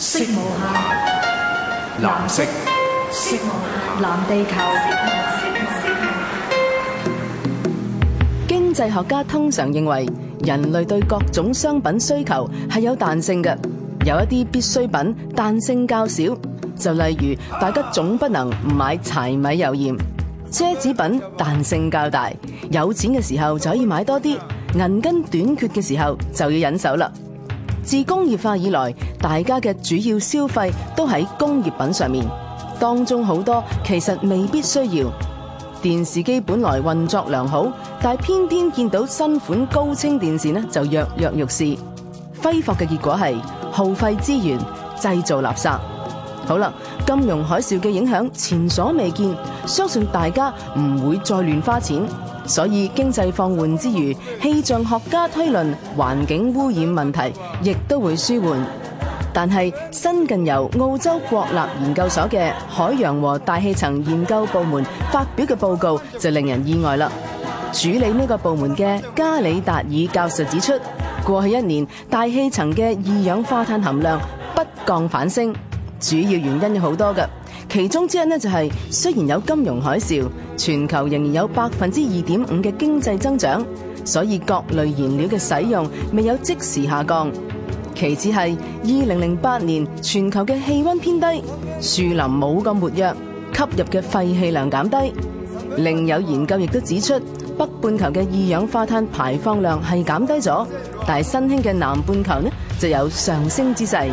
色無限，藍色。色無限，藍地球。經濟學家通常認為，人類對各種商品需求係有彈性嘅。有一啲必需品彈性較少，就例如大家總不能唔買柴米油鹽。奢侈品彈性較大，有錢嘅時候就可以買多啲，銀根短缺嘅時候就要忍手啦。自工業化以來，大家嘅主要消費都喺工業品上面，當中好多其實未必需要。電視機本來運作良好，但係偏偏見到新款高清電視呢，就躍躍欲試，揮霍嘅結果係耗費資源、製造垃圾。好啦，金融海嘯嘅影響前所未見，相信大家唔會再亂花錢。所以經濟放緩之餘，氣象學家推論環境污染問題亦都會舒緩，但係新近由澳洲國立研究所嘅海洋和大氣層研究部門發表嘅報告就令人意外啦。主理呢個部門嘅加里達爾教授指出，過去一年大氣層嘅二氧化碳含量不降反升，主要原因有好多噶。其中之一呢、就是，就係雖然有金融海嘯，全球仍然有百分之二點五嘅經濟增長，所以各類燃料嘅使用未有即時下降。其次係二零零八年全球嘅氣溫偏低，樹林冇咁活躍，吸入嘅廢氣量減低。另有研究亦都指出，北半球嘅二氧化碳排放量係減低咗，但係新興嘅南半球呢就有上升之勢。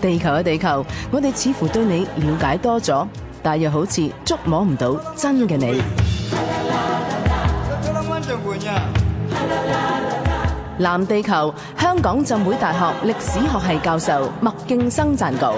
地球嘅地球，我哋似乎對你了解多咗，但又好似捉摸唔到真嘅你。 藍地球，香港浸會大學歷史學系教授麥勁生撰稿。